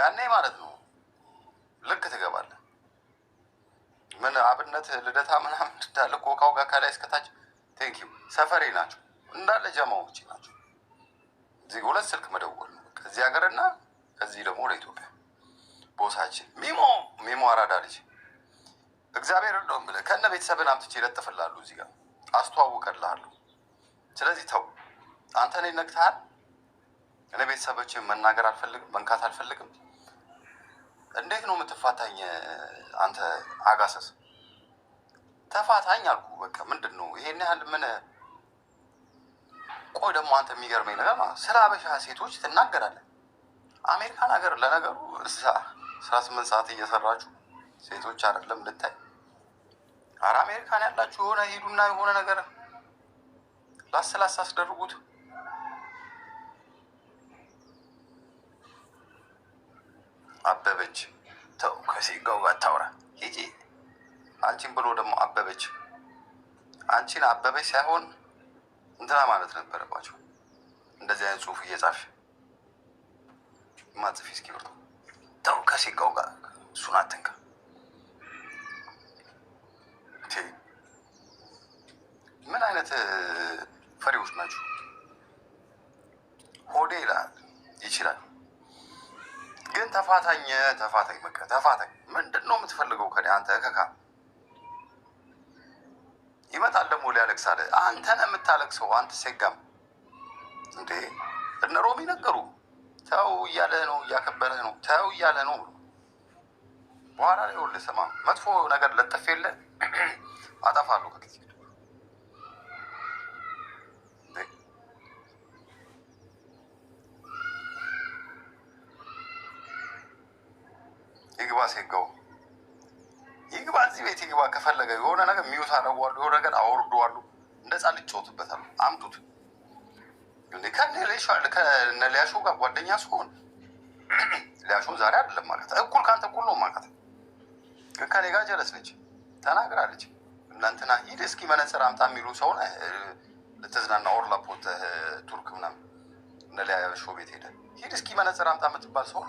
ያኔ ማለት ነው ልክ ትገባለህ። ምን አብነት ልደታ ምናምን እንዳለ ኮካው ጋር ከላይ እስከታች ቴንክ ዩ ሰፈሬ ናቸው እንዳለ ጀማዎች ናቸው። እዚህ ሁለት ስልክ መደወል ነው ከዚህ ሀገርና ከዚህ ደግሞ ለኢትዮጵያ ቦሳችን ሚሞ ሚሞ አራዳ ልጅ እግዚአብሔር እንደውም ብለህ ከነ ቤተሰብን አምጥቼ ይለጥፍላሉ እዚህ ጋር አስተዋውቀልሃሉ። ስለዚህ ተው አንተ እኔ ነግተሃል። እኔ ቤተሰቦችን መናገር አልፈልግም፣ መንካት አልፈልግም። እንዴት ነው የምትፋታኝ? አንተ አጋሰስ ተፋታኝ አልኩ። በቃ ምንድን ነው ይሄን ያህል ምን? ቆይ ደግሞ አንተ የሚገርመኝ ነገር ማለት ስለ አበሻ ሴቶች ትናገራለህ። አሜሪካን ሀገር ለነገሩ እዛ ስራ ስምንት ሰዓት እየሰራችሁ ሴቶች አይደለም ልታይ። አረ አሜሪካን ያላችሁ የሆነ ሂዱና የሆነ ነገር ላስላስ አስደርጉት። አበበች ተው፣ ከሴጋው ጋር ታውራ ሂጂ። አንቺን ብሎ ደግሞ አበበች አንቺን አበበች ሳይሆን እንትና ማለት ነበረባቸው። እንደዚህ አይነት ጽሁፍ እየጻፍ ማጽፊ እስኪ ብርቶ ተው፣ ከሴጋው ጋር እሱን አትንካ። ምን አይነት ፈሪዎች ናቸው? ሆዴ ይችላል ግን ተፋታኝ ተፋታኝ በቃ ተፋታኝ። ምንድን ነው የምትፈልገው ከእኔ አንተ ከካ ይመጣል ደግሞ ሊያለቅሳል። አንተ ነህ የምታለቅሰው። አንተ ሴጋም እንዴ እነ ሮሚ ነገሩ ተው እያለ ነው፣ እያከበረ ነው፣ ተው እያለ ነው። በኋላ ላይ ሁሉ ስማ፣ መጥፎ ነገር ለጠፍ የለ አጠፋለሁ ከጊዜ ይግባ ሴጋው ይግባ እዚህ ቤት ይግባ። ከፈለገ የሆነ ነገር ሚዩት አደረጓሉ፣ የሆነ ነገር አወርደዋሉ። እንደዛ ልጫወትበታል። አምጡት ከነ ሊያሾ ጋር ጓደኛ ሲሆን ሊያሾን ዛሬ አይደለም ማለት እኩል ከአንተ እኩል ነው ማለት ግን ከኔ ጋር ጀለስ ነች ተናግራለች። እናንትና ሂድ እስኪ መነጽር አምጣ የሚሉ ሰውን ልትዝናና ኦርላፖት ቱርክ ምናምን እነ ሊያሾ ቤት ሄደ ሂድ እስኪ መነጽር አምጣ የምትባል ሰው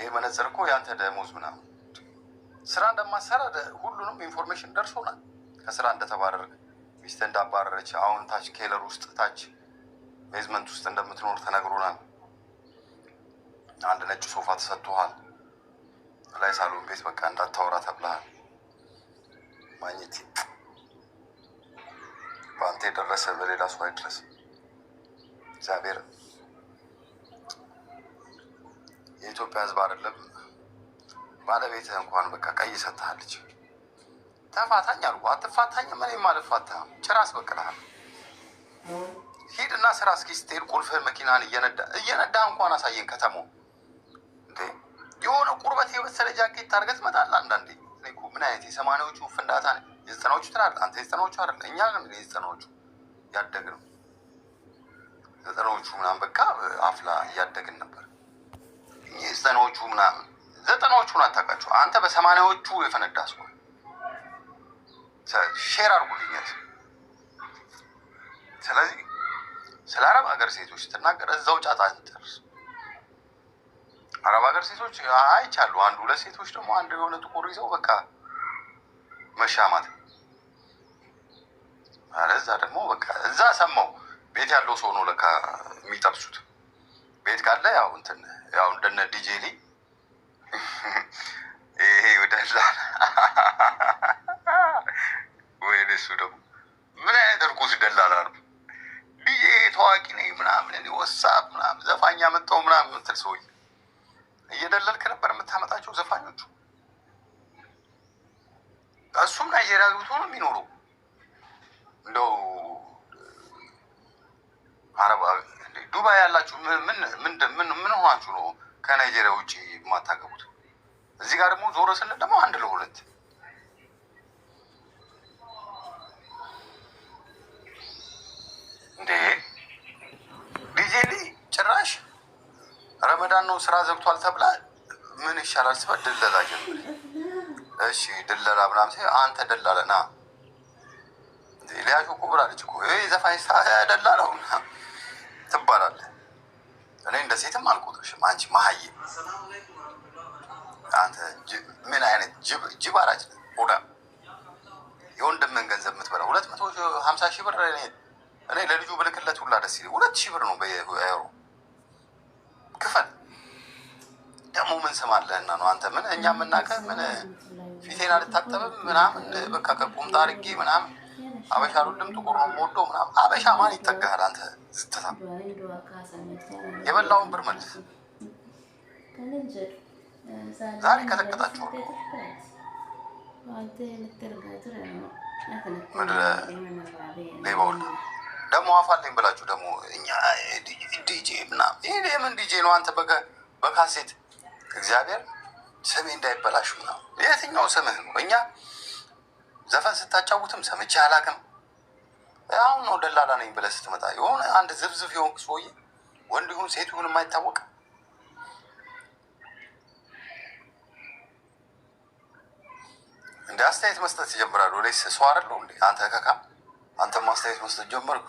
ይሄ መነጽር እኮ የአንተ ደሞዝ ምናምን ስራ እንደማሰራ ሁሉንም ኢንፎርሜሽን ደርሶናል። ከስራ እንደተባረርክ ሚስት እንዳባረረች አሁን ታች ኬለር ውስጥ ታች ቤዝመንት ውስጥ እንደምትኖር ተነግሮናል። አንድ ነጭ ሶፋ ተሰጥቶሃል። ላይ ሳሎን ቤት በቃ እንዳታወራ ተብለሃል። ማግኘት በአንተ የደረሰ በሌላ ሰው አይድረስ እግዚአብሔር የኢትዮጵያ ህዝብ አይደለም ባለቤትህ እንኳን በቃ ቀይ ሰጥሃለች። ተፋታኝ አልኩ። አትፋታኝ ምን አልፋታህም። ጭራ አስበቅልሃል። ሂድና ስራ እስኪ ስትሄድ ቁልፍ መኪናን እየነዳ እየነዳ እንኳን አሳየን። ከተማው እንዴ የሆነ ቁርበት የበሰለ ጃኬት ታርገህ ትመጣለህ። አንዳንዴ ምን አይነት የሰማንያዎቹ ፍንዳታ የዘጠናዎቹ ትላለህ አንተ። የዘጠናዎቹ አይደለ እኛ ግን የዘጠናዎቹ ያደግ ነው። ዘጠናዎቹ ምናምን በቃ አፍላ እያደግን ነበር። የዘጠናዎቹ ምናምን ዘጠናዎቹን አታውቃቸው አንተ በሰማንያዎቹ የፈነዳ ሰው ሼር አድርጉልኛል። ስለዚህ ስለ አረብ ሀገር ሴቶች ስትናገር እዛው ጫት ትደርስ። አረብ ሀገር ሴቶች አይቻሉ። አንድ ሁለት ሴቶች ደግሞ አንድ የሆነ ጥቁር ይዘው በቃ መሻማት እዛ ደግሞ በቃ እዛ ሰማው ቤት ያለው ሰው ነው ለካ የሚጠብሱት። ቤት ካለ ያው እንትን ያው እንደነ ዲጄ ዲጄሊ ይሄ ይወደላል። ወይኔ እሱ ደግሞ ምን አይነት እርኩስ ደላላ ነው። ዲጄ ታዋቂ ነኝ ምናምን እኔ ወሳብ ምናምን ዘፋኝ ያመጣው ምናምን ምትል ሰውዬ እየደለልክ ነበር የምታመጣቸው ዘፋኞቹ። እሱም ናይጄሪያ ገብቶ ነው የሚኖረው እንደው ዱባይ ያላችሁ ምን ምን ምን ምን ሆናችሁ ነው ከናይጄሪያ ውጭ የማታገቡት? እዚህ ጋር ደግሞ ዞረ ስንል ደግሞ አንድ ለሁለት እንዴ ዲጄሊ ጭራሽ ረመዳን ነው ስራ ዘግቷል ተብላ ምን ይሻላል ስበ ድለላ ጀምር። እሺ ድለላ ምናምን ሲል አንተ ደላለና ሊያሹ ቁብር እኮ ዘፋኝ ደላ ነው ትባላለህ። እኔ እንደ ሴትም አልቆጥርሽም። አንቺ መሀዬ፣ አንተ ምን አይነት ጅብ አራጭ ሆዳ የወንድምን ገንዘብ የምትበላ ሁለት መቶ ሀምሳ ሺህ ብር እኔ ለልጁ ብልክለት ሁላ ደስ ይለኝ። ሁለት ሺህ ብር ነው በሮ ክፈል። ደግሞ ምን ስም አለህና ነው አንተ? ምን እኛ የምናውቀህ ምን ፊቴን አልታጠብም ምናምን በቃ ከቁምጣ አድርጌ ምናምን አበሻ ሉልም ጥቁር ነው ወዶ ምናምን አበሻ ማን ይጠጋሃል አንተ? ስትታ የበላውን ብር መልስ። ዛሬ ከለቀጣችሁ ሌባውል ደግሞ አፋለኝ ብላችሁ ደግሞ እኛ ዲጄ ምናምን ይህ የምን ዲጄ ነው? አንተ በካሴት እግዚአብሔር ስሜ እንዳይበላሽ ነው የትኛው ስምህ ነው? እኛ ዘፈን ስታጫውትም ሰምቼ አላውቅም። አሁን ነው ደላላ ነኝ ብለህ ስትመጣ የሆነ አንድ ዝብዝብ የሆንክ ሰውዬ ወንድ ይሁን ሴት ይሁን የማይታወቅ እንደ አስተያየት መስጠት ይጀምራሉ። እኔ ሰው አይደለሁ እንዴ? አንተ ከካ አንተ አስተያየት መስጠት ጀመርኩ።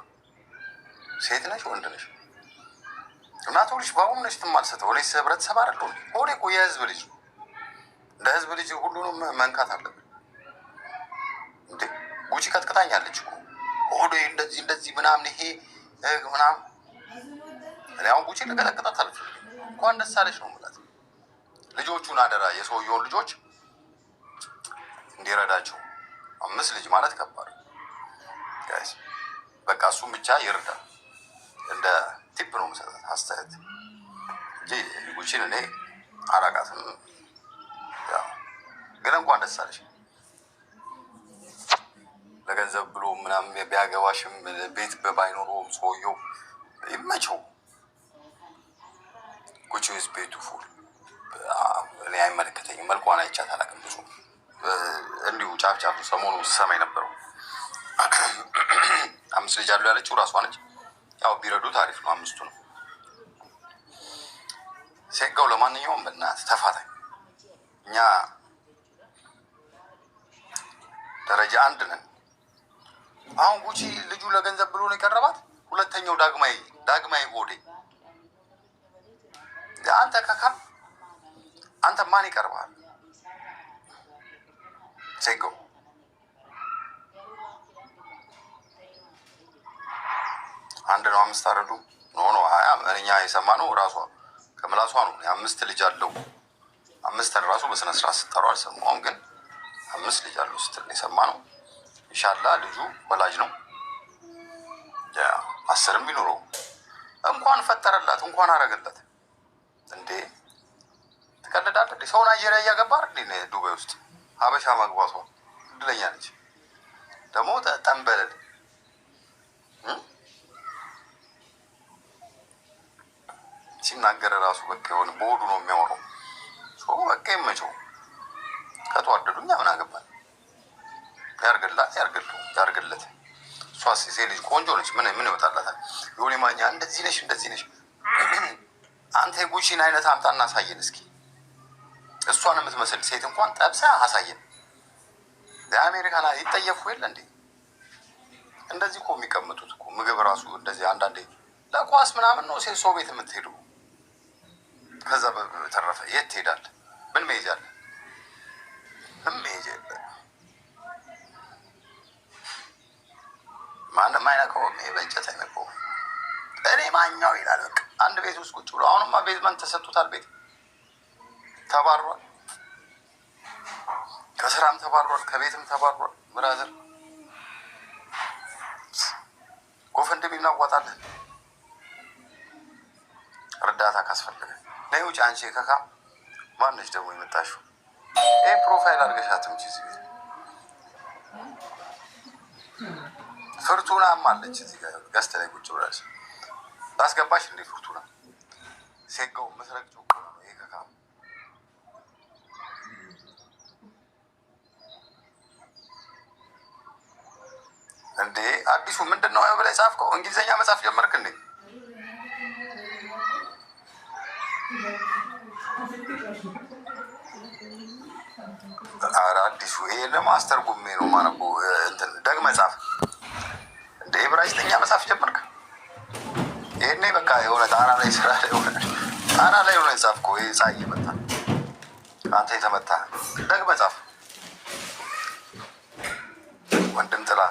ሴት ነሽ ወንድ ነሽ እናት ልጅ በአሁኑ ነሽ ትማልሰጠው እኔ ህብረተሰብ አይደለሁ እንዴ? ሆዴ እኮ የህዝብ ልጅ እንደ ህዝብ ልጅ ሁሉንም መንካት አለብን እንዴ? ጉቺ ቀጥቅጣኛለች እኮ ሆዶ እንደዚህ እንደዚህ ምናምን ይሄ ምናምን አሁን ጉቺ ልቀጠቅጣት አልፈልግም። እንኳን ደስ አለች ነው የምላት። ልጆቹን አደራ የሰውየውን ልጆች እንዲረዳቸው አምስት ልጅ ማለት ከባድ ጋይስ። በቃ እሱም ብቻ ይርዳ። እንደ ቲፕ ነው የምሰጣት አስተያየት እንጂ ጉቺን እኔ አራቃትም። ግን እንኳን ደስ አለች። ለገንዘብ ብሎ ምናምን ቢያገባሽም ቤት ባይኖረውም ሰውየው ይመቸው። ጉቺ ቤቱ ፉል እኔ አይመለከተኝም። መልኳን አይቻት አላውቅም። ብዙ እንዲሁ ጫፍ ጫፍ ሰሞኑ ስሰማኝ ነበረው። አምስት ልጅ አሉ ያለችው ራሷ ነች። ያው ቢረዱ ታሪፍ ነው። አምስቱ ነው ሴጋው። ለማንኛውም በእናትህ ተፋታኝ። እኛ ደረጃ አንድ ነን። አሁን ጉቺ ልጁ ለገንዘብ ብሎ ነው የቀረባት። ሁለተኛው ዳግማይ ዳግማይ ጎዴ አንተ ከካም አንተ ማን ይቀርበሃል? ሴጎ አንድ ነው አምስት አረዱ ኖ ኖ እኛ የሰማ ነው ራሷ ከምላሷ ነው። አምስት ልጅ አለው አምስትን ራሱ በስነስርዓት ስጠሩ አልሰማሁም፣ ግን አምስት ልጅ አለው ስትል የሰማ ነው። ሻላ ልጁ ወላጅ ነው። አስርም ቢኖረው እንኳን ፈጠረላት እንኳን አረገላት። እንዴ ትቀልዳለህ? ሰው ናይጄሪያ እያገባ እንዴ ዱባይ ውስጥ ሀበሻ ማግባቷ እድለኛ ነች። ደግሞ ጠንበለል ሲናገር ራሱ በቃ የሆነ በሆዱ ነው የሚያወራው። በቃ ይመቸው ከተዋደዱኛ ምን አገባል ያርግላት ያርግሉ ያርግለት። እሷ ሴ ልጅ ቆንጆ ነች። ምን ምን ይወጣላታል? ዮኒ ማኛ እንደዚህ ነሽ እንደዚህ ነሽ። አንተ የጉቺን አይነት አምጣና አሳየን እስኪ። እሷን የምትመስል ሴት እንኳን ጠብሳ አሳየን። የአሜሪካን ይጠየፉ የለ እንዴ? እንደዚህ እኮ የሚቀምጡት እኮ ምግብ ራሱ እንደዚህ አንዳንዴ ለኳስ ምናምን ነው ሴት ሰው ቤት የምትሄዱ። ከዛ በተረፈ የት ትሄዳለህ? ምን መሄጃለህ? ምን መሄጃ የለ የማይነካውም በእንጨት አይነካውም። እኔ ማኛው ይላል። በቃ አንድ ቤት ውስጥ ቁጭ ብሎ አሁንማ ቤዝመንት ተሰጥቶታል። ቤት ተባሯል፣ ከስራም ተባሯል፣ ከቤትም ተባሯል። ብራዘር ጎፍ እንደሚናዋጣለን እርዳታ ካስፈለገ ነይ ውጭ አንቺ ከካ ማነች ደግሞ የመጣሽው? ይህ ፕሮፋይል አድርገሻትም ቺዝ ቤት ፍርቱና አለች እዚህ ጋር ገስት ላይ ቁጭ ብላለች። ታስገባሽ እንዴ ፍርቱና ሴጋው መስረቅ ጮቆ ነው ይሄ ከካ እንዴ አዲሱ ምንድን ነው ብላይ ጻፍከው? እንግሊዝኛ መጻፍ ጀመርክ እንዴ? አዲሱ ይሄ ለማስተርጉሜ ነው ማነው እንትን ጣራ ላይ ስራ ላይ ሆነ ጣራ ላይ ሆነ ጻፍኮ ፀሐይ እየመጣ አንተ የተመታ ደግመህ ጻፍ። ወንድም ጥላ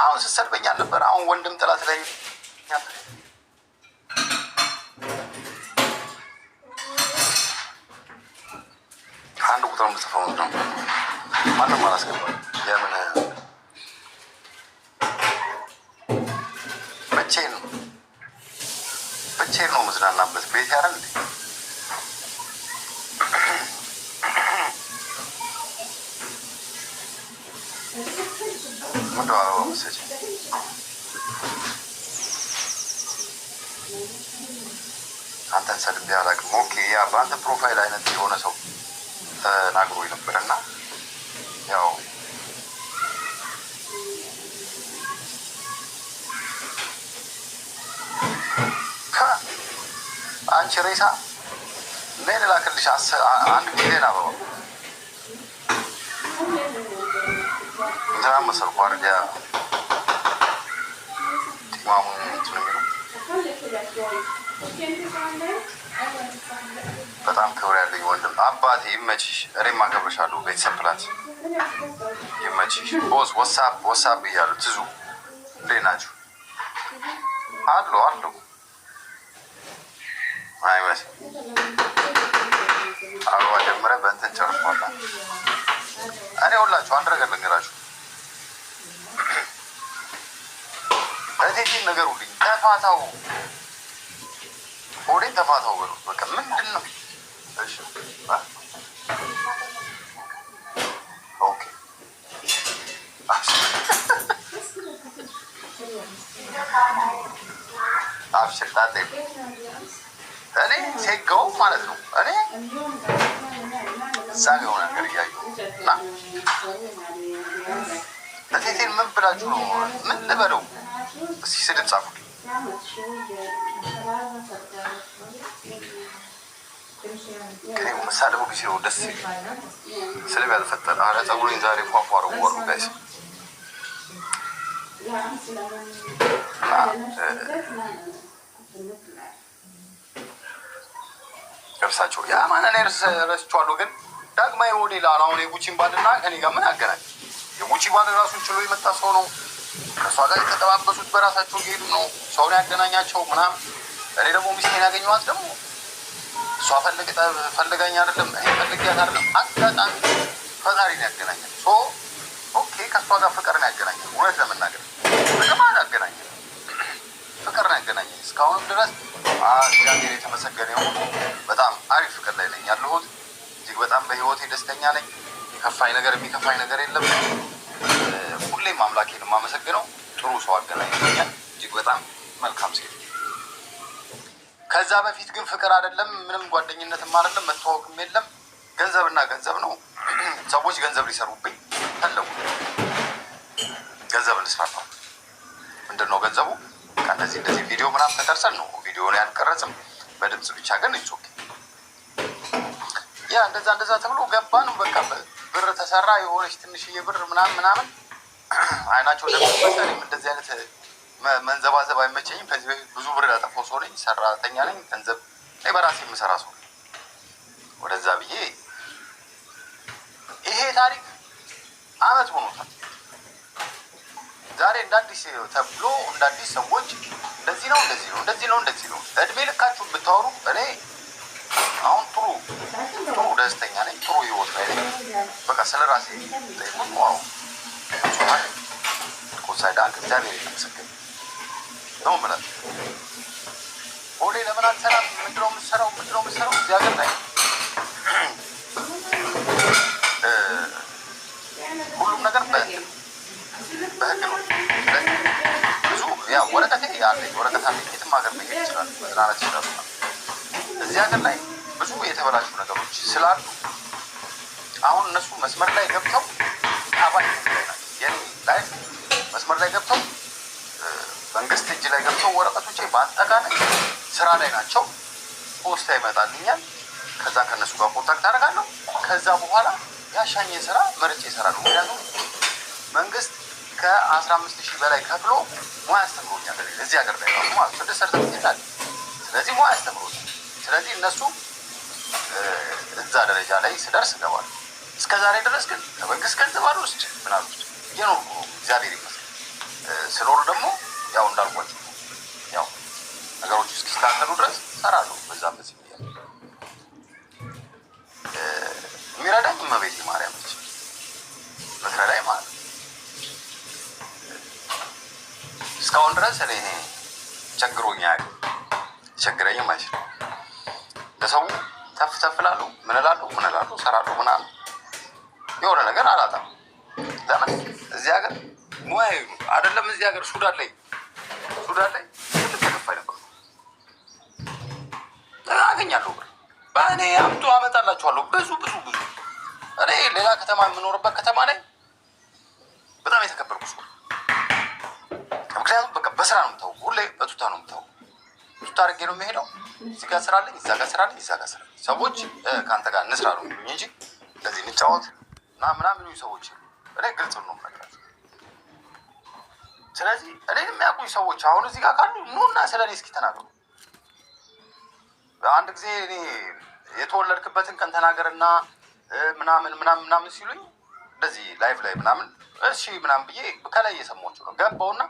አሁን ስትሰድበኛል ነበር። አሁን ወንድም ጥላ ስለኝ እንደው አበባ መሰጭ አንተን ሰድቤ አላውቅም። ኦኬ ያ በአንተ ፕሮፋይል አይነት የሆነ ሰው ተናግሮ ነበር እና ያው አንቺ ሬሳ ምን ላክልሽ? አንድ ሚሊዮን አበባ እንትና በጣም ክብር ያለኝ ወንድም አባት ይመችሽ። እኔም አከብርሻለሁ። ቤተሰብ ፕላት ይመችሽ። ቦዝ ወሳብ ወሳብ እያሉ ትዙ ናችሁ? አሉ አሉ አበባ ጀምረ በእንትን ጨርሷላ። እኔ ሁላችሁ አንድ ነገር ልንገራችሁ እዚህ ነገር ሁሉ ተፋታው ሆዴ ተፋታው ብሎ በቃ ምንድን ነው? እሺ አብሽር ጣጤ እኔ ሴጋው ማለት ነው። እኔ እዛ የሆነ ነገር እያየሁ እና እቴቴን ምን ብላችሁ ነው ምን ልበለው ስድብ ጻፉልኝ። መሳለሙ ጊዜ ነው ደስ ስድብ ያልፈጠረ አረ ጸጉሬን ዛሬ ፏፏ ወሩ ጋይስ እርሳቸው የአማን እኔ ረስቸዋለሁ፣ ግን ዳግማ ወዴ ላል አሁን የጉቺን ባንድና ከኔ ጋር ምን አገናኝ? የጉቺ ባንድ ራሱን ችሎ የመጣ ሰው ነው። ከእሷ ጋር የተጠባበሱት በራሳቸው እየሄዱ ነው። ሰውን ያገናኛቸው ምናምን። እኔ ደግሞ ሚስቴን ያገኘኋት ደግሞ እሷ ፈልጋኝ አይደለም፣ እኔ ፈልጊያት አይደለም። አጋጣሚ ፈጣሪ ነው ያገናኛል። ኦኬ፣ ከእሷ ጋር ፍቅር ነው ያገናኛል። እውነት ለመናገር በቅማን ያገናኛል፣ ፍቅር ነው ያገናኘ እስካሁንም ድረስ እግዚአብሔር የተመሰገነ የሆኑ በጣም አሪፍ ፍቅር ላይ ነኝ ያለሁት። እጅግ በጣም በህይወቴ ደስተኛ ነኝ። ከፋኝ ነገር የሚከፋኝ ነገር የለም። ሁሌም አምላኬን የማመሰግነው ጥሩ ሰው አገናኝቶኛል። እጅግ በጣም መልካም ሴት። ከዛ በፊት ግን ፍቅር አይደለም፣ ምንም ጓደኝነትም አይደለም፣ መተዋወቅም የለም። ገንዘብና ገንዘብ ነው። ሰዎች ገንዘብ ሊሰሩብኝ ፈለጉ። ገንዘብ እንስራፋ ምንድን ነው ገንዘቡ? ከእንደዚህ እንደዚህ ቪዲዮ ምናምን ተቀርጸን ነው ቪዲዮን ያልቀረጽም በድምፅ ብቻ ግን ይጮክ ያ እንደዛ እንደዛ ተብሎ ገባን። በቃ ብር ተሰራ የሆነች ትንሽዬ ብር ምናምን ምናምን አይናቸው ደግሞ መሰለኝ እንደዚህ አይነት መንዘባዘብ አይመቸኝም። ከዚህ በፊት ብዙ ብር ያጠፋው ሰው ነኝ፣ ሰራተኛ ነኝ፣ ገንዘብ በራሴ የምሰራ ሰው ወደዛ ብዬ ይሄ ታሪክ አመት ሆኖታል። ዛሬ እንዳዲስ ተብሎ እንዳዲስ ሰዎች እንደዚህ ነው እንደዚህ ነው እንደዚህ ነው እንደዚህ ነው እድሜ ልካችሁ ብታወሩ እኔ አሁን ጥሩ ጥሩ ደስተኛ ነኝ፣ ጥሩ ህይወት ላይ ነኝ። በቃ ስለ ራሴ ጠይቁ ማለት ቁሳይዳ እግዚአብሔር የተመሰገነ ነው። ምረት ቦሌ ለምን ላይ ሁሉም ነገር በህግ ነው። ብዙ ያ ወረቀት ወረቀት የትም ሀገር መሄድ ይችላል፣ መዝናናት ይችላል። እዚህ ሀገር ላይ ብዙ የተበላሹ ነገሮች ስላሉ አሁን እነሱ መስመር ላይ ገብተው መስመር ላይ ገብተው መንግስት እጅ ላይ ገብተው ወረቀቶች በአጠቃላይ ስራ ላይ ናቸው። ፖስታ ይመጣልኛል። ከዛ ከነሱ ጋር ኮንታክት አደርጋለሁ። ከዛ በኋላ ያሻኝ ስራ መርጬ ይሰራሉ። ምክንያቱም መንግስት ከአስራ አምስት ሺህ በላይ ከፍሎ ሙያ አስተምሮኛል እዚህ ሀገር ላይ ራሱ ማለት ስድስት ሰርተፍኬት አለ። ስለዚህ ሙያ አስተምሮኛል። ስለዚህ እነሱ እዛ ደረጃ ላይ ስደርስ እገባለሁ። እስከ ዛሬ ድረስ ግን ከመንግስት ገንዘብ አልወስድ ምናምን የኖርኩ እግዚአብሔር ይመስገን። ስኖር ደግሞ ያው እንዳልኳቸው ያው ነገሮች እስኪስተካከሉ ድረስ እሰራለሁ። በዛ በዚህ ብያ የሚረዳኝ እመቤቴ ማርያም ነች። ምትረዳኝ ማለት እስካሁን ድረስ እኔ ኔ ቸግሮኝ ያ ቸግረኝ ማይችል ለሰው ተፍ ተፍ እላለሁ፣ ምን እላለሁ፣ ምን እላለሁ፣ እሰራለሁ ምናምን የሆነ ነገር አላጣም። ለምን እዚህ ሀገር ሙያ አይደለም እዚህ ሀገር ሱዳን ላይ ሱዳን ላይ ትልቅ ተከፋይ ነበር። አገኛለሁ ብር በእኔ አምጡ አመጣላችኋለሁ። ብዙ ብዙ ብዙ እኔ ሌላ ከተማ የምኖርበት ከተማ ላይ በጣም የተከበርኩ ሰው። ምክንያቱም በቃ በስራ ነው ምታው፣ ሁሌ በቱታ ነው ምታው። ቱታ አድርጌ ነው የሚሄደው። እዚህ ጋር ስራ አለኝ፣ እዛ ጋር ስራ አለኝ፣ እዛ ጋር ስራ አለኝ። ሰዎች ከአንተ ጋር እንስራ ነው እንጂ እንደዚህ እንጫወት እና ምናምን ሰዎች እኔ ግልጽ ነው ስለዚህ እኔ የሚያውቁኝ ሰዎች አሁን እዚህ ጋር ካሉ ኑና ስለ እኔ እስኪ ተናገሩ። አንድ ጊዜ እኔ የተወለድክበትን ቀን ተናገርና ምናምን ምናምን ምናምን ሲሉኝ እንደዚህ ላይፍ ላይ ምናምን እሺ ምናምን ብዬ ከላይ እየሰማችሁ ነው ገባውና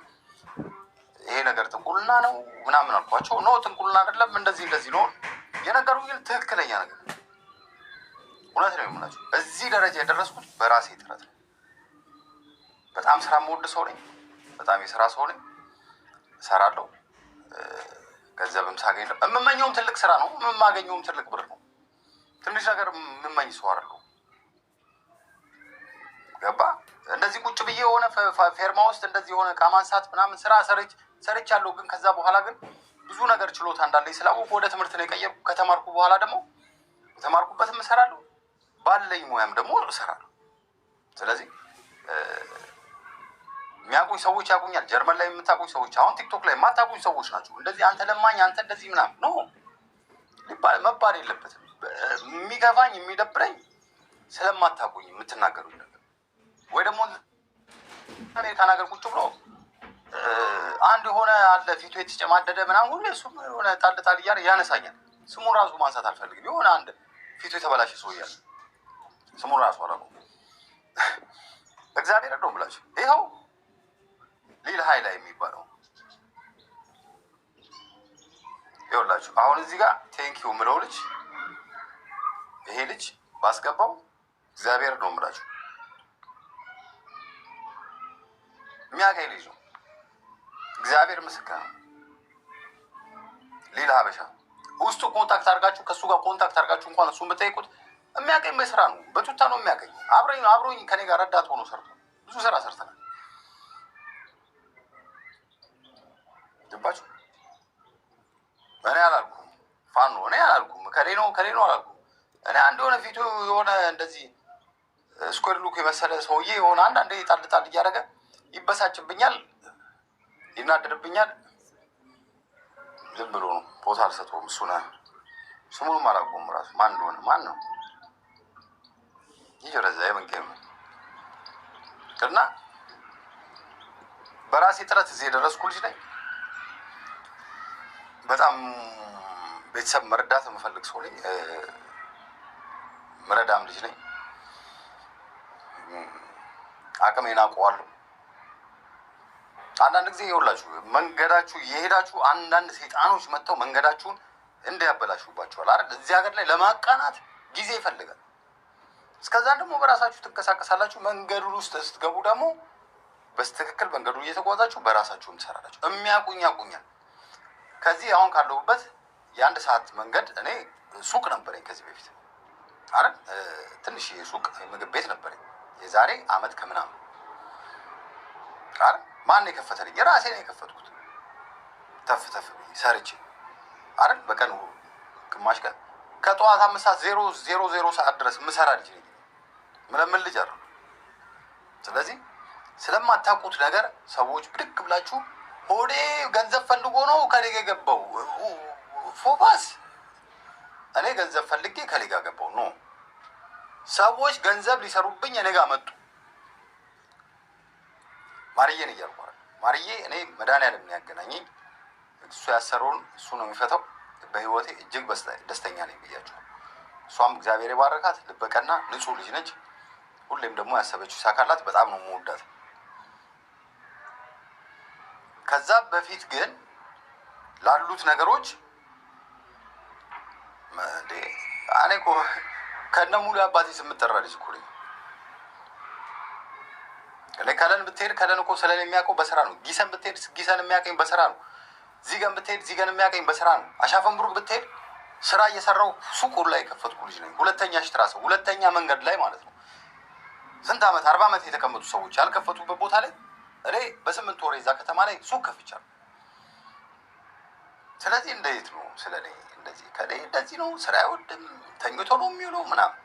ይሄ ነገር ጥንቁልና ነው ምናምን አልኳቸው። ኖ ጥንቁልና አይደለም እንደዚህ እንደዚህ ነው የነገሩ ግን ትክክለኛ ነገር እውነት ነው የምላቸው። እዚህ ደረጃ የደረስኩት በራሴ ጥረት ነው። በጣም ስራ መወድ ሰው ነኝ። በጣም የስራ ሰው ነኝ፣ እሰራለሁ። ገንዘብም ሳገኝ ነው የምመኘውም ትልቅ ስራ ነው፣ የማገኘውም ትልቅ ብር ነው። ትንሽ ነገር የምመኝ ሰው አይደለሁም። ገባ እንደዚህ ቁጭ ብዬ የሆነ ፌርማ ውስጥ እንደዚህ የሆነ ዕቃ ማንሳት ምናምን ስራ ያለው ግን ከዛ በኋላ ግን ብዙ ነገር ችሎታ እንዳለኝ ስላወቅ ወደ ትምህርት ነው የቀየርኩ። ከተማርኩ በኋላ ደግሞ የተማርኩበትም እሰራለሁ፣ ባለኝ ሙያም ደግሞ እሰራለሁ። ስለዚህ የሚያውቁኝ ሰዎች ያውቁኛል። ጀርመን ላይ የምታውቁኝ ሰዎች፣ አሁን ቲክቶክ ላይ የማታውቁኝ ሰዎች ናቸው። እንደዚህ አንተ ለማኝ፣ አንተ እንደዚህ ምናምን ኖ ሊባል መባል የለበትም። የሚገፋኝ የሚደብረኝ ስለማታውቁኝ የምትናገሩኝ ነገር ወይ ደግሞ አሜሪካን ሀገር ቁጭ ብሎ አንድ የሆነ አለ ፊቱ የተጨማደደ ምናምን ሁሌ እሱም የሆነ ጣል ጣል እያለ ያነሳኛል። ስሙን ራሱ ማንሳት አልፈልግም። የሆነ አንድ ፊቱ የተበላሸ ሰው እያለ ስሙን ራሱ አላውቀውም። እግዚአብሔር ነው ብላችሁ ይኸው ሊል ሀይላ የሚባለው ይኸውላችሁ። አሁን እዚህ ጋር ቴንኪዩ ምለው ልጅ ይሄ ልጅ ባስገባው እግዚአብሔር ነው ምላችሁ የሚያገኝ ልጅ ነው። እግዚአብሔር ምስክር ነው። ሌላ ሀበሻ ውስጡ ኮንታክት አድርጋችሁ ከእሱ ጋር ኮንታክት አድርጋችሁ እንኳን እሱ የምጠይቁት የሚያገኝ በስራ ነው፣ በቱታ ነው የሚያገኝ። አብሮኝ ከኔ ጋር ረዳት ሆኖ ሰርቶ ብዙ ስራ ሰርተናል። ገባችሁ? እኔ አላልኩም ፋኖ፣ እኔ አላልኩም ከሌ ነው ከሌ ነው አላልኩም። እኔ አንድ የሆነ ፊቱ የሆነ እንደዚህ ስኩዌር ሉክ የመሰለ ሰውዬ የሆነ አንዳንዴ ጣል ጣል እያደረገ ይበሳጭብኛል፣ ይናደድብኛል። ዝም ብሎ ነው ቦታ አልሰጠውም። እሱ ነ ስሙንም አላውቀውም ራሱ ማን እንደሆነ ማን ነው ይህ ረዛ የመንገድ እና በራሴ ጥረት እዚህ የደረስኩ ልጅ ነኝ። በጣም ቤተሰብ መርዳት የምፈልግ ሰው ነኝ። መረዳም ልጅ ነኝ። አቅሜን አውቀዋለሁ። አንዳንድ ጊዜ ይኸውላችሁ መንገዳችሁ የሄዳችሁ አንዳንድ ሰይጣኖች መጥተው መንገዳችሁን እንዳያበላሹባችኋል አይደል? እዚህ ሀገር ላይ ለማቃናት ጊዜ ይፈልጋል። እስከዛ ደግሞ በራሳችሁ ትንቀሳቀሳላችሁ። መንገዱ ውስጥ ስትገቡ ደግሞ በስትክክል መንገዱ እየተጓዛችሁ በራሳችሁም ትሰራላችሁ። የሚያቁኝ ያቁኛል። ከዚህ አሁን ካለሁበት የአንድ ሰዓት መንገድ እኔ ሱቅ ነበረኝ ከዚህ በፊት አረ ትንሽ የሱቅ ምግብ ቤት ነበረኝ የዛሬ አመት ከምናምን አረ ማን የከፈተልኝ የራሴ ነው የከፈትኩት ተፍ ተፍ ሰርቼ አረ በቀን ግማሽ ቀን ከጠዋት አምስት ሰዓት ዜሮ ዜሮ ዜሮ ሰዓት ድረስ ምሰራ ልጅ ነኝ ምለምን ልጀር ስለዚህ ስለማታውቁት ነገር ሰዎች ብድግ ብላችሁ ሆዴ ገንዘብ ፈልጎ ነው ከሌጋ ገባው ፎባስ እኔ ገንዘብ ፈልጌ ከሌጋ ገባው ነው። ሰዎች ገንዘብ ሊሰሩብኝ እኔ ጋ መጡ። ማርዬን እያልኩ ማርዬ እኔ መድኃኒዓለም ያገናኘኝ እሱ ያሰረውን እሱ ነው የሚፈታው። በህይወቴ እጅግ ደስተኛ ነኝ ብያቸው። እሷም እግዚአብሔር የባረካት ልበቀና ንጹህ ልጅ ነች። ሁሌም ደግሞ ያሰበችው ሳካላት በጣም ነው የምወዳት። ከዛ በፊት ግን ላሉት ነገሮች እኔ እኮ ከነ ሙሉ አባቴ ስምጠራ ልጅ እኮ ከለን ብትሄድ ከለን እኮ ስለን የሚያውቀው በስራ ነው። ጊሰን ብትሄድ ጊሰን የሚያውቀኝ በስራ ነው። ዚገን ብትሄድ ዚገን የሚያውቀኝ በስራ ነው። አሻፈንብሩክ ብትሄድ ስራ እየሰራው ሱቁ ላይ የከፈትኩ ልጅ ነኝ። ሁለተኛ ሰው ሁለተኛ መንገድ ላይ ማለት ነው። ስንት ዓመት አርባ ዓመት የተቀመጡ ሰዎች ያልከፈቱበት ቦታ ላይ እኔ በስምንት ወር እዛ ከተማ ላይ ሱቅ ከፍቻለሁ። ስለዚህ እንዴት ነው ስለ እኔ እንደዚህ ከእኔ እንደዚህ ነው ስራ አይወድም ተኝቶ ነው የሚውለው ምናምን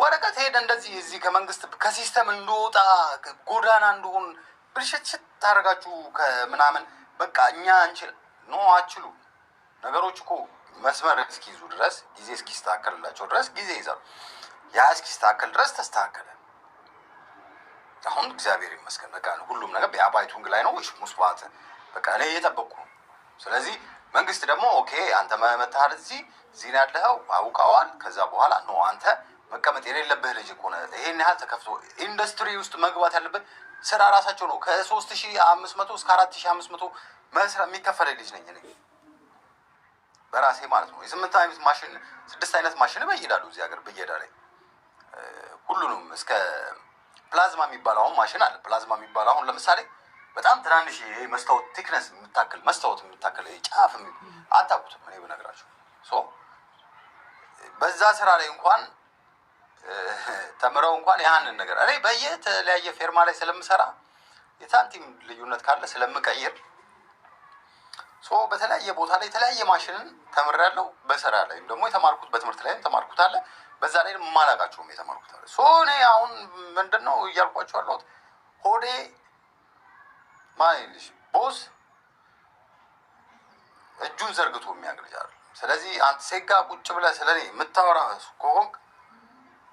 ወረቀት ሄደ እንደዚህ እዚህ ከመንግስት ከሲስተም እንደወጣ ጎዳና እንደሆን ብልሽትሽት ታደርጋችሁ ከምናምን በቃ እኛ እንችል ኖ አችሉ ነገሮች እኮ መስመር እስኪይዙ ድረስ ጊዜ እስኪስተካከልላቸው ድረስ ጊዜ ይዛሉ። ያ እስኪስተካከል ድረስ ተስተካከለ። አሁን እግዚአብሔር ይመስገን በቃ ሁሉም ነገር በአባይቱንግ ላይ ነው። ሙስባት በቃ እኔ እየጠበቅኩ ነው። ስለዚህ መንግስት ደግሞ ኦኬ አንተ መመታህል እዚህ ዜና ያለኸው አውቀዋል። ከዛ በኋላ ነው አንተ መቀመጥ የሌለብህ ልጅ እኮ ይሄን ያህል ተከፍቶ ኢንዱስትሪ ውስጥ መግባት ያለበት ስራ ራሳቸው ነው። ከሶስት ሺ አምስት መቶ እስከ አራት ሺ አምስት መቶ መስራ የሚከፈለ ልጅ ነኝ እኔ በራሴ ማለት ነው። የስምንት አይነት ማሽን ስድስት አይነት ማሽን በይዳሉ እዚህ ሀገር በየዳ ላይ ሁሉንም እስከ ፕላዝማ የሚባለው አሁን ማሽን አለ። ፕላዝማ የሚባለው አሁን ለምሳሌ በጣም ትናንሽ መስታወት ቲክነስ የምታክል መስታወት የምታክል ጫፍ አታውቁትም። እኔ ብነግራችሁ በዛ ስራ ላይ እንኳን ተምረው እንኳን ያህንን ነገር እኔ በየተለያየ ፌርማ ላይ ስለምሰራ የሳንቲም ልዩነት ካለ ስለምቀይር በተለያየ ቦታ ላይ የተለያየ ማሽንን ተምሬያለሁ። በስራ ላይም ደግሞ የተማርኩት በትምህርት ላይም ተማርኩት አለ። በዛ ላይ የማላውቃቸውም የተማርኩት አለ። ሶ እኔ አሁን ምንድን ነው እያልኳቸው ያለሁት ሆዴ ማይልሽ ቦስ እጁን ዘርግቶ የሚያግልጅ ስለዚህ አንተ ሴጋ ቁጭ ብለህ ስለ እኔ የምታወራ ከሆንክ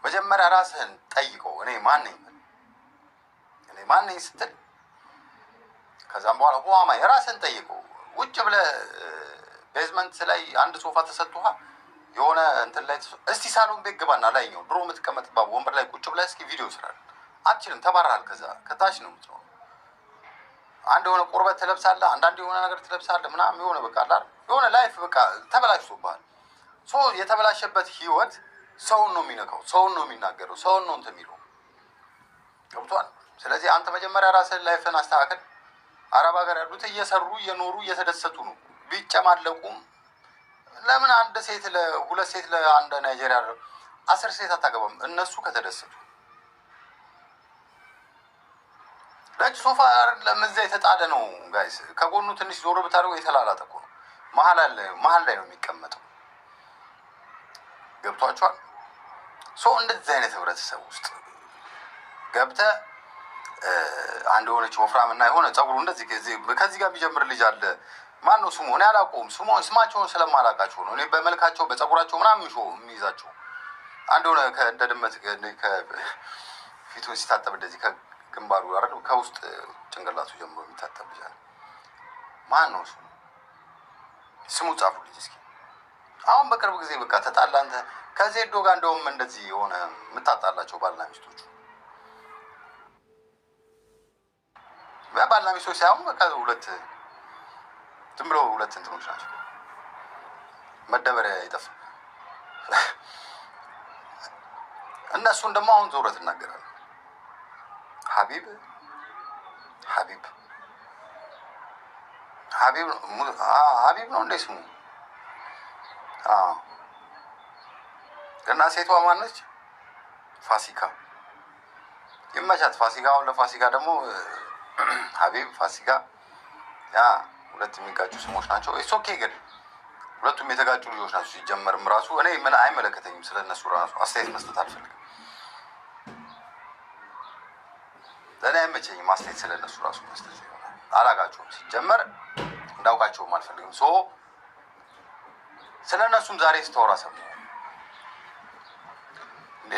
መጀመሪያ ራስህን ጠይቀው። እኔ ነኝ? እኔ ነኝ ስትል ከዛም በኋላ ዋማይ ራስህን ጠይቀው። ውጭ ብለህ ቤዝመንት ላይ አንድ ሶፋ ተሰጥቶሃል የሆነ እንትን ላይ እስቲ ሳሎን ቤት ግባና ላይኛው ድሮ የምትቀመጥባት ወንበር ላይ ቁጭ ብላ እስኪ ቪዲዮ ስራል። አትችልም፣ ተባራል። ከዛ ከታች ነው የምትኖረው። አንድ የሆነ ቁርበት ትለብሳለ፣ አንዳንድ የሆነ ነገር ትለብሳለ፣ ምናም የሆነ በቃ የሆነ ላይፍ በቃ ተበላሽቶብሃል። ሶ የተበላሸበት ህይወት ሰውን ነው የሚነካው፣ ሰውን ነው የሚናገረው፣ ሰውን ነው እንትን የሚለው ገብቷል። ስለዚህ አንተ መጀመሪያ ራስህን ላይፍህን አስተካከል። አረብ ሀገር ያሉት እየሰሩ እየኖሩ እየተደሰቱ ነው ቢጨማለቁም ለምን አንድ ሴት ሁለት ሴት ለአንድ ናይጄሪያ አስር ሴት አታገባም? እነሱ ከተደሰቱ ነጭ ሶፋ ለምዛ የተጣለ ነው ጋይስ። ከጎኑ ትንሽ ዞሮ ብታደርጉ የተላላጠ እኮ ነው። መሀል አለ መሀል ላይ ነው የሚቀመጠው። ገብቷቸዋል። ሰው እንደዚህ አይነት ህብረተሰብ ውስጥ ገብተ አንድ የሆነች ወፍራም እና የሆነ ጸጉሩ እንደዚህ ከዚህ ጋር የሚጀምር ልጅ አለ ማን ነው ስሙ? እኔ አላውቀውም። ስሙ ስማቸውን ስለማላውቃቸው ነው። እኔ በመልካቸው በፀጉራቸው ምናምን ይሾ የሚይዛቸው አንድ ሆነ እንደ ድመት ፊቱን ሲታጠብ እንደዚህ ከግንባሩ አይደል ከውስጥ ጭንቅላቱ ጀምሮ የሚታጠብ ይችላል። ማን ነው ስሙ? ስሙ ጻፉ ልጅ እስኪ። አሁን በቅርብ ጊዜ በቃ ተጣላ አንተ ከዜዶ ጋር እንደውም እንደዚህ የሆነ የምታጣላቸው ባልና ሚስቶቹ ባልና ሚስቶች ሳይሆን በቃ ሁለት ዝም ብሎ ሁለት እንትኖች ናቸው። መደበሪያ ይጠፋ እነሱን ደግሞ አሁን ዞረት እናገራለን። ሀቢብ ሀቢብ ሀቢብ ነው እንዴ ስሙ? እና ሴቷ ማነች? ፋሲካ ይመቻት። ፋሲካ አሁን ለፋሲካ ደግሞ ሀቢብ ፋሲካ ሁለት የሚጋጩ ስሞች ናቸው። ሶኬ ግን ሁለቱም የተጋጩ ልጆች ናቸው። ሲጀመርም ራሱ እኔ ምን አይመለከተኝም። ስለ እነሱ ራሱ አስተያየት መስጠት አልፈልግም። ለእኔ አይመቸኝም አስተያየት ስለ እነሱ ራሱ መስጠት ይሆናል። አላጋቸውም ሲጀመር እንዳውቃቸውም አልፈልግም። ሶ ስለ እነሱም ዛሬ ስታወራ ሰሙ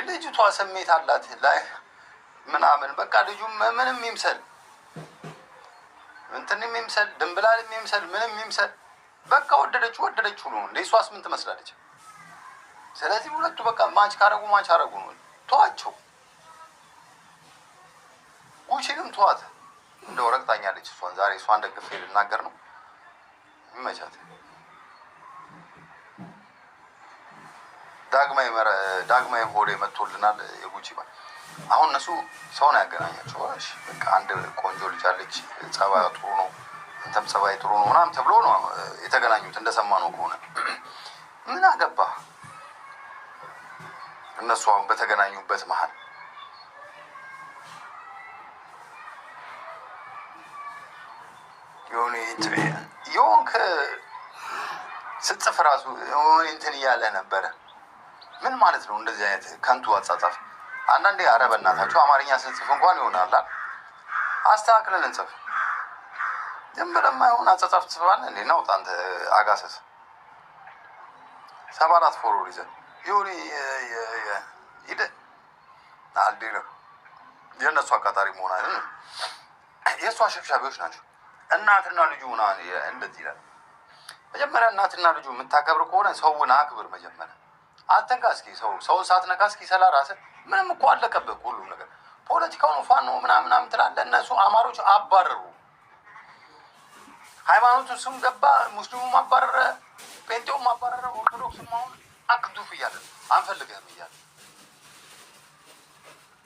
ልጅቷ ስሜት አላት ላይ ምናምን በቃ ልጁ ምንም ይምሰል እንትን የሚምሰል ድንብላል የሚምሰል ምንም የሚምሰል በቃ ወደደችው ወደደችው ነው እንደ እሷስ ምን ትመስላለች? ስለዚህ ሁለቱ በቃ ማች ካረጉ ማች አረጉ ነው። ተዋቸው፣ ጉቺንም ተዋት። እንደው ረግጣኛለች እሷን። ዛሬ እሷን ደግፌ ልናገር ነው። ይመቻት። ዳግማ ዳግማ ሆዴ መጥቶልናል የጉቺ ባል አሁን እነሱ ሰውን ያገናኛቸው ያገናኛቸው። በቃ አንድ ቆንጆ ልጅ አለች፣ ጸባይ ጥሩ ነው፣ አንተም ጸባይ ጥሩ ነው ምናምን ተብሎ ነው የተገናኙት። እንደሰማ ነው ከሆነ ምን አገባ እነሱ አሁን በተገናኙበት መሀል የሆነ የሆንክ ራሱ የሆነ እንትን እያለ ነበረ። ምን ማለት ነው እንደዚህ አይነት ከንቱ አጻጻፍ? አንዳንዴ አረ እናታቸው አማርኛ ስንጽፍ እንኳን ይሆናል አስተካክለን እንጽፍ። ዝም ብለን የማይሆን አጻጻፍ ጽፋን እንዴ ነው ጣንት አጋሰስ ሰባ አራት ፎሎ ይዘን ይሁን ይደ አልዴለ የእነሱ አቃጣሪ መሆናል የእሷ አሸብሻቢዎች ናቸው። እናትና ልጁ ና እንደዚህ ይላል። መጀመሪያ እናትና ልጁ የምታከብር ከሆነ ሰውን አክብር መጀመሪያ አትንካ እስኪ ሰው ሰውን ሳትነካ እስኪ ሰላ ራስህ ምንም እኮ አለቀብህ ሁሉም ነገር ፖለቲካውን ፋኖ ምናምናም ትላለህ። እነሱ አማሮች አባረሩ። ሃይማኖቱ ስም ገባ። ሙስሊሙም አባረረ፣ ጴንጤውም አባረረ፣ ኦርቶዶክስም አሁን አክዱፍ እያለ አንፈልግህም እያለ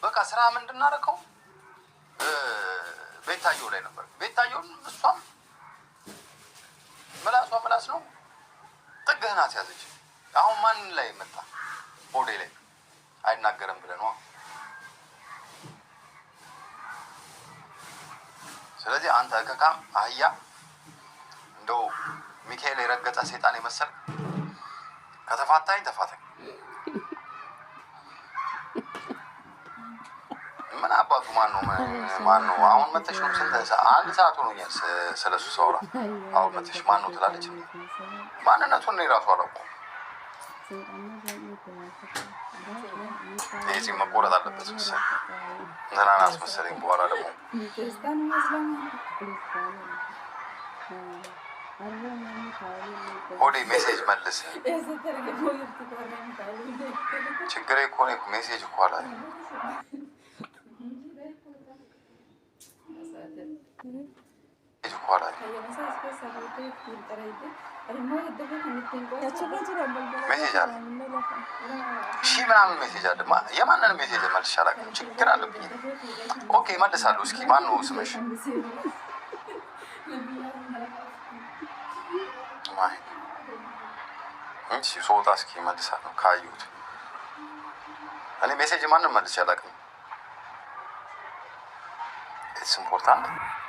በቃ ስራ ምንድናረከው ቤታየው ላይ ነበር። ቤታየውን እሷም ምላሷ ምላስ ነው ጥግህን አስያዘች። አሁን ማን ላይ መጣ ቦዴ ላይ አይናገርም ብለህ ነዋ። ስለዚህ አንተ እከካም አህያ እንደው ሚካኤል የረገጠ ሴጣን የመሰል ከተፋታኝ ተፋታኝ። ምን አባቱ ማን ነው ማን ነው? አሁን መተሽ ነው ስንት አንድ ሰዓት ሆኖኛል ስለሱ አሁን መተሽ ማን ነው ትላለች። ማንነቱን ራሱ አላውቀውም። Nézzük meg forradalmat az össze. Nem állás, mert szerint forradalom. Hodi message मत listen चिंकरे कौन एक मैसेज खोला है खोला है ሜሴጅ ሺህ ምናምን ሜሴጅ አለ። የማንንም ሜሴጅ መልሼ አላውቅም። ችግር አለብኝ። ኦኬ መልሳለሁ። እስኪ ማን ነው ስምሽ? እሺ ሶታ እስኪ መልሳለሁ። ካዩት እኔ ሜሴጅ ማንም መልሼ አላውቅም። ኢትስ ኢምፖርታንት